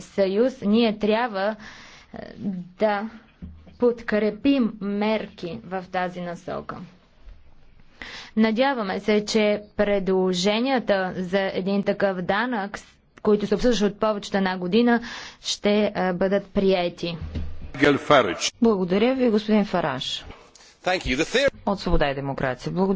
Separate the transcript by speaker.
Speaker 1: съюз, ние трябва е, да подкрепим мерки в тази насока. Надяваме се, че предложенията за един такъв данък, които се обсъждат от повече една година,
Speaker 2: ще е, бъдат приети. Благодаря ви, господин Фараш. От Свобода и демокрация. Благодаря.